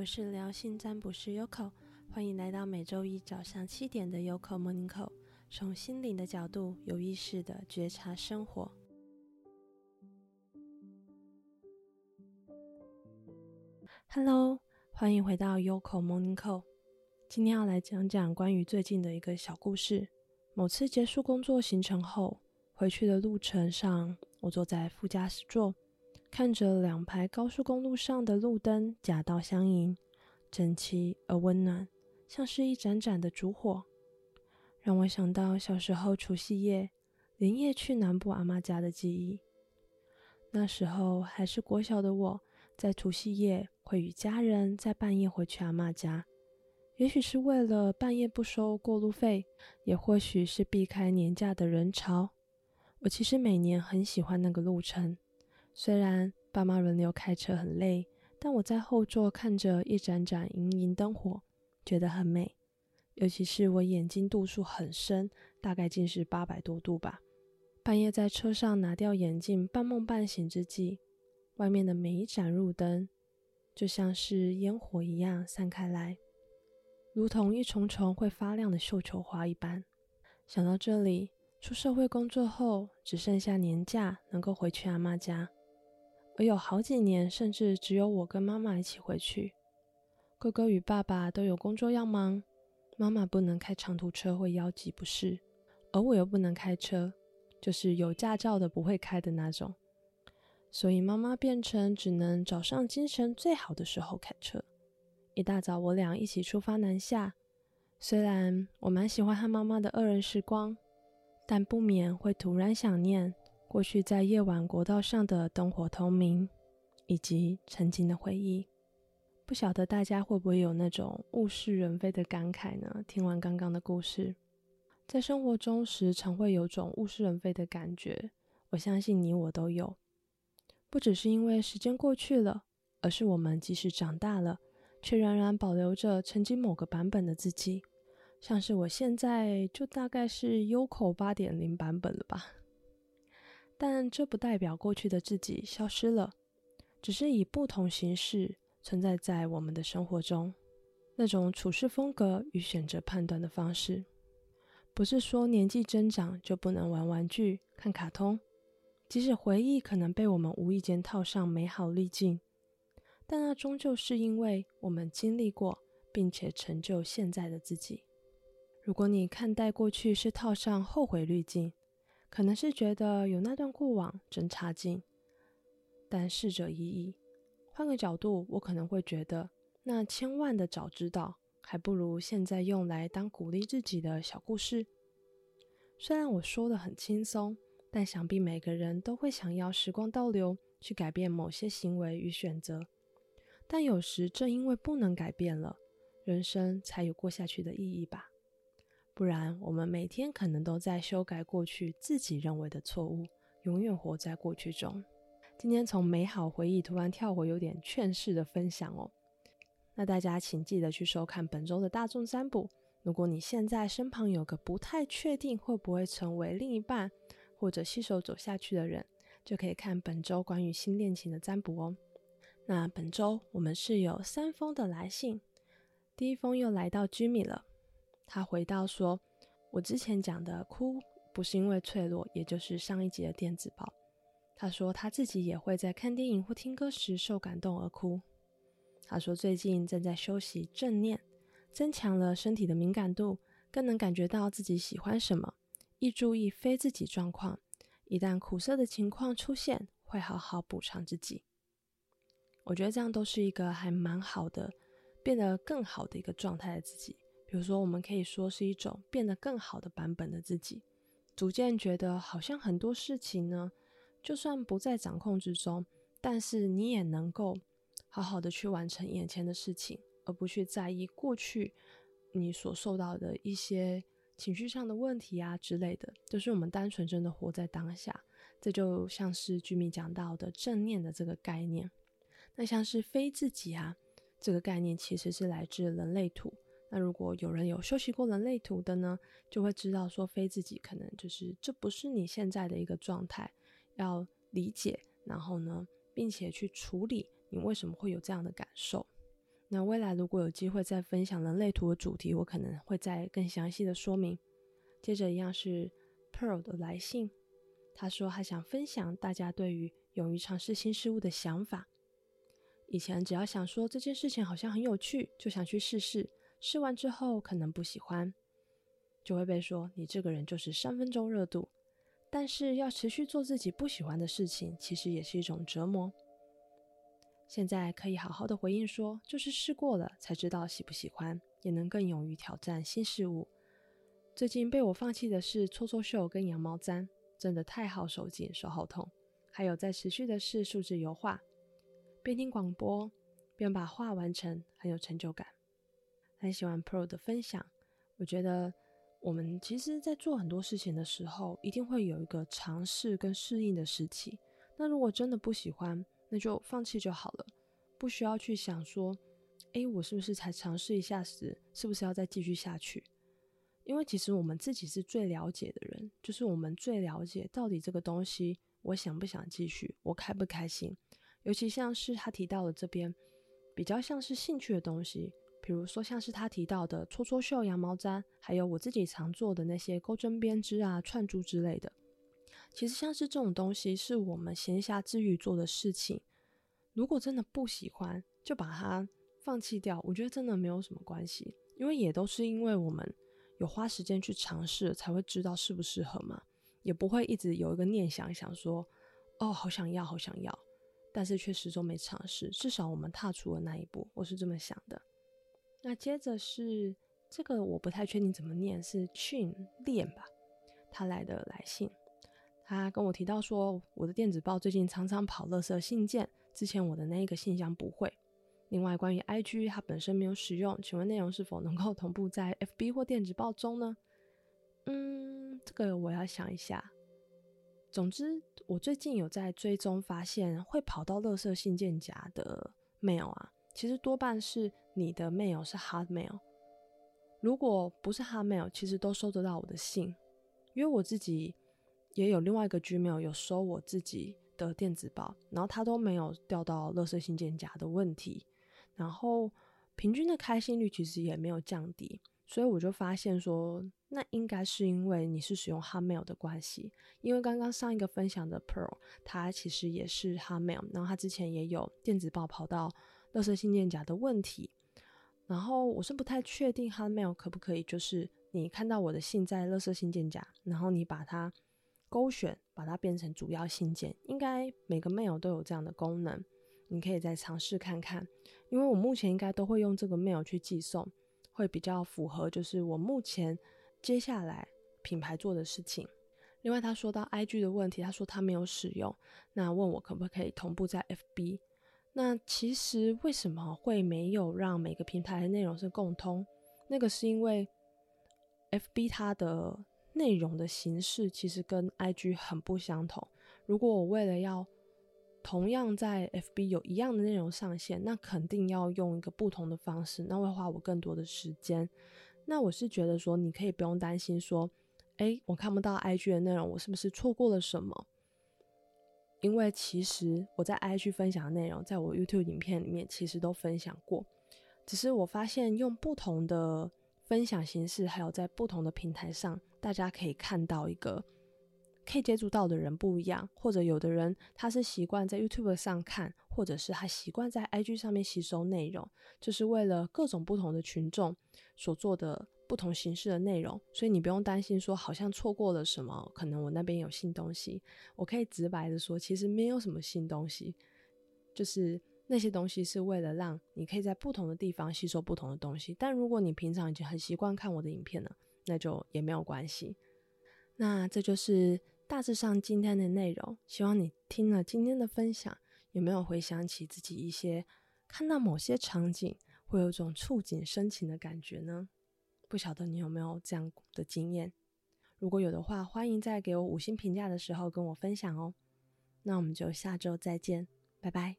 我是療心占卜師 Yoko，歡迎來到每周一早上七點的 Yoko Morning Call，從心靈的角度有意識的覺察生活。Hello，歡迎回到 Yoko Morning Call，今天要來講講關於最近的一個小故事。某次結束工作行程後，回去的路程上，我坐在副駕駛座。看着兩排高速公路上的路燈夾道相迎，整齊而溫暖，像是一盞盞的燭火，讓我想到小時候除夕夜連夜去南部阿嬤家的記憶。那時候還是國小的我，在除夕夜會與家人在半夜回去阿嬤家，也許是為了半夜不收過路費，也或許是避開年假的人潮。我其實每年很喜歡那個路程。雖然爸媽輪流開車很累，但我在後座看着一盞盞瑩瑩燈火，覺得很美。尤其是我眼睛度數很深，大概近視八百多度吧。半夜在車上拿掉眼鏡，半夢半醒之際，外面的每一盞路燈，就像是煙火一樣散開來，如同一叢叢會發亮的繡球花一般。想到這裡，出社會工作後，只剩下年假能夠回去阿嬤家。而有好幾年，甚至只有我跟媽媽一起回去，哥哥與爸爸都有工作要忙，媽媽不能開長途車會腰脊不適，而我又不能開車，就是有駕照的不會開的那種，所以媽媽變成只能早上精神最好的時候開車。一大早我倆一起出發南下，雖然我蠻喜歡和媽媽的二人時光，但不免會突然想念，過去在夜晚國道上的燈火通明，以及曾經的回憶，不曉得大家會不會有那種物是人非的感慨呢？聽完剛剛的故事，在生活中時常會有種物是人非的感覺。我相信你我都有，不只是因為時間過去了，而是我們即使長大了，卻仍然保留着曾經某個版本的自己。像是我現在就大概是 Yoko 8.0版本了吧。但這不代表過去的自己消失了，只是以不同形式存在在我們的生活中。那種處事風格與選擇判斷的方式，不是說年紀增長就不能玩玩具、看卡通。即使回憶可能被我們無意間套上美好濾鏡，但那終究是因為我們經歷過，並且成就現在的自己。如果你看待過去是套上後悔濾鏡，可能是覺得有那段過往真差勁，但逝者已矣。換個角度，我可能會覺得那千萬的早知道，還不如現在用來當鼓勵自己的小故事。雖然我說的很輕鬆，但想必每個人都會想要時光倒流，去改變某些行為與選擇。但有時正因為不能改變了，人生才有過下去的意義吧。不然，我們每天可能都在修改過去自己認為的錯誤，永遠活在過去中。今天從美好回憶突然跳回有點勸世的分享哦。那大家請記得去收看本週的大眾占卜。如果你現在身旁有個不太確定會不會成為另一半或者攜手走下去的人，就可以看本週關於新戀情的占卜哦。那本週我們是有三封的來信，第一封又來到居米了。他回到說：“我之前講的哭不是因為脆弱，也就是上一集的電子報。”他說他自己也會在看電影或聽歌時受感動而哭。他說最近正在修習正念，增強了身體的敏感度，更能感覺到自己喜歡什麼，一注意非自己狀況。一旦苦澀的情況出現，會好好補償自己。我覺得這樣都是一個還蠻好的，變得更好的一個狀態的自己。比如說，我們可以說是一種變得更好的版本的自己，逐漸覺得好像很多事情呢，就算不在掌控之中，但是你也能夠好好的去完成眼前的事情，而不去在意過去你所受到的一些情緒上的問題啊之類的。就是我們單純真的活在當下，這就像是居民講到的正念的這個概念，那像是非自己啊這個概念，其實是來自人類圖。那如果有人有修習過人類圖的呢，就會知道說，非自己可能就是這不是你現在的一個狀態，要理解，然後呢，並且去處理你為什麼會有這樣的感受。那未來如果有機會再分享人類圖的主題，我可能會再更詳細的說明。接着一樣是 Pearl 的來信，他說他想分享大家對於勇於嘗試新事物的想法。以前只要想說這件事情好像很有趣，就想去試試。試完之後可能不喜歡，就會被說，你這個人就是三分鐘熱度。但是要持續做自己不喜歡的事情，其實也是一種折磨。現在可以好好的回應說，就是試過了才知道喜不喜歡，也能更勇於挑戰新事物。最近被我放棄的是戳戳繡跟羊毛氈，真的太耗手勁，手好痛。還有在持續的是數字油畫，邊聽廣播邊把畫完成，很有成就感。很喜歡 Pro 的分享，我覺得我們其實，在做很多事情的時候，一定會有一個嘗試跟適應的時期。那如果真的不喜歡，那就放棄就好了，不需要去想說，哎，我是不是才嘗試一下時，是不是要再繼續下去？因為其實我們自己是最了解的人，就是我們最了解到底這個東西，我想不想繼續，我開不開心。尤其像是他提到了這邊，比較像是興趣的東西。比如說，像是他提到的戳戳繡、羊毛氈，還有我自己常做的那些鈎針編織啊、串珠之類的。其實，像是這種東西，是我們閒暇之餘做的事情。如果真的不喜歡，就把它放棄掉。我覺得真的沒有什麼關係，因為也都是因為我們有花時間去嘗試，才會知道適不適合嘛。也不會一直有一個念想，想說，哦，好想要，好想要，但是卻始終沒嘗試。至少我們踏出了那一步，我是這麼想的。那接着是這個，我不太確定怎麼念，是訓練吧？他來的來信，他跟我提到說，我的電子報最近常常跑垃圾信件，之前我的那一個信箱不會。另外，關於 IG，它本身沒有使用，請問內容是否能夠同步在 FB 或電子報中呢？嗯，這個我要想一下。總之，我最近有在追蹤，發現會跑到垃圾信件夾的 mail 啊，其實多半是。你的 mail 是 Hotmail，如果不是 Hotmail，其實都收得到我的信，因為我自己也有另外一個 Gmail 有收我自己的電子報，然後他都沒有掉到垃圾信件夾的問題，然後平均的開信率其實也沒有降低，所以我就發現說，那應該是因為你是使用 Hotmail 的關係，因為剛剛上一個分享的 Pro，他其實也是 Hotmail，然後他之前也有電子報跑到垃圾信件夾的問題。然後我是不太確定，他的 mail 可不可以，就是你看到我的信在垃圾信件夾，然後你把它勾選，把它變成主要信件，應該每個 mail 都有這樣的功能，你可以再嘗試看看。因為我目前應該都會用這個 mail 去寄送，會比較符合，就是我目前接下來品牌做的事情。另外他說到 IG 的問題，他說他沒有使用，那問我可不可以同步在 FB。那其實為什麼會沒有讓每個平台的內容是共通？那個是因為 FB 它的內容的形式其實跟 IG 很不相同。如果我為了要同樣在 FB 有一樣的內容上線，那肯定要用一個不同的方式，那會花我更多的時間。那我是覺得說，你可以不用擔心說，哎，我看不到 IG 的內容，我是不是錯過了什麼？因為其實我在 IG 分享的內容，在我 YouTube 影片裡面其實都分享過，只是我發現用不同的分享形式，還有在不同的平台上，大家可以看到一個可以接觸到的人不一樣，或者有的人他是習慣在 YouTube 上看，或者是他習慣在 IG 上面吸收內容，就是為了各種不同的群眾所做的。不同形式的內容，所以你不用擔心說好像錯過了什麼。可能我那邊有新東西，我可以直白的說，其實沒有什麼新東西，就是那些東西是為了讓你可以在不同的地方吸收不同的東西。但如果你平常已經很習慣看我的影片了，那就也沒有關係。那這就是大致上今天的內容。希望你聽了今天的分享，有沒有回想起自己一些看到某些場景，會有一種觸景生情的感覺呢？不曉得你有沒有這樣的經驗？如果有的話，歡迎在給我五星評價的時候跟我分享哦。那我們就下周再見，拜拜。